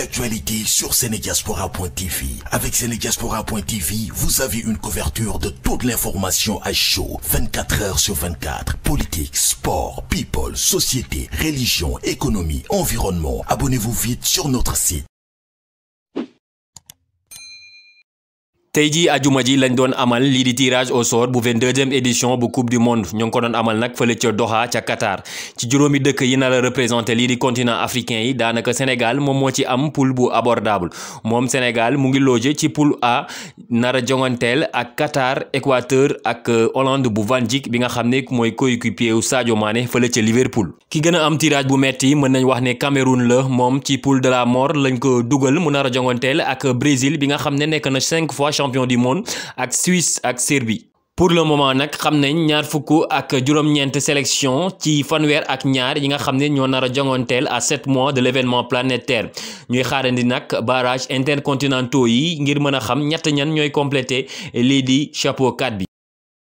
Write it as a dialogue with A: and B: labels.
A: Actualité sur Sénégaspora.tv Avec Sénégaspora.tv, vous avez une couverture de toute l'information à chaud, 24 heures sur 24. Politique, sport, people, société, religion, économie, environnement. Abonnez-vous
B: vite sur notre site
C: Teji ajumaji lañ doon amal li di tirage au sort bu 22e édition bu coupe du monde ñong ko doon amal nak fele ci Doha ci Qatar ci juroomi dëkk yi na la représenter li di continent africain yi danaka Sénégal mom mo ci am poule bu abordable mom Sénégal mu ngi loge ci poule A nara a ak Qatar Équateur ak euh, Hollande bu Van Dijk bi nga xamné moy coéquipier wu Sadio Mané fele ci Liverpool. ki gëna am tirage bu metti mën nañ wax né Cameroun la mom ci poule de la mort lañ ko dugal mu nara a ak Brésil bi nga xamné ne na 5 fois. champion du monde ak Suisse ak Serbie pour le moment nak xam ñaar ak sélection ci ak ñaar yi nga ñoo a à 7 mois de l'événement planétaire ñuy xaarandi nak barrage intercontinentaux yi ngir xam chapeau 4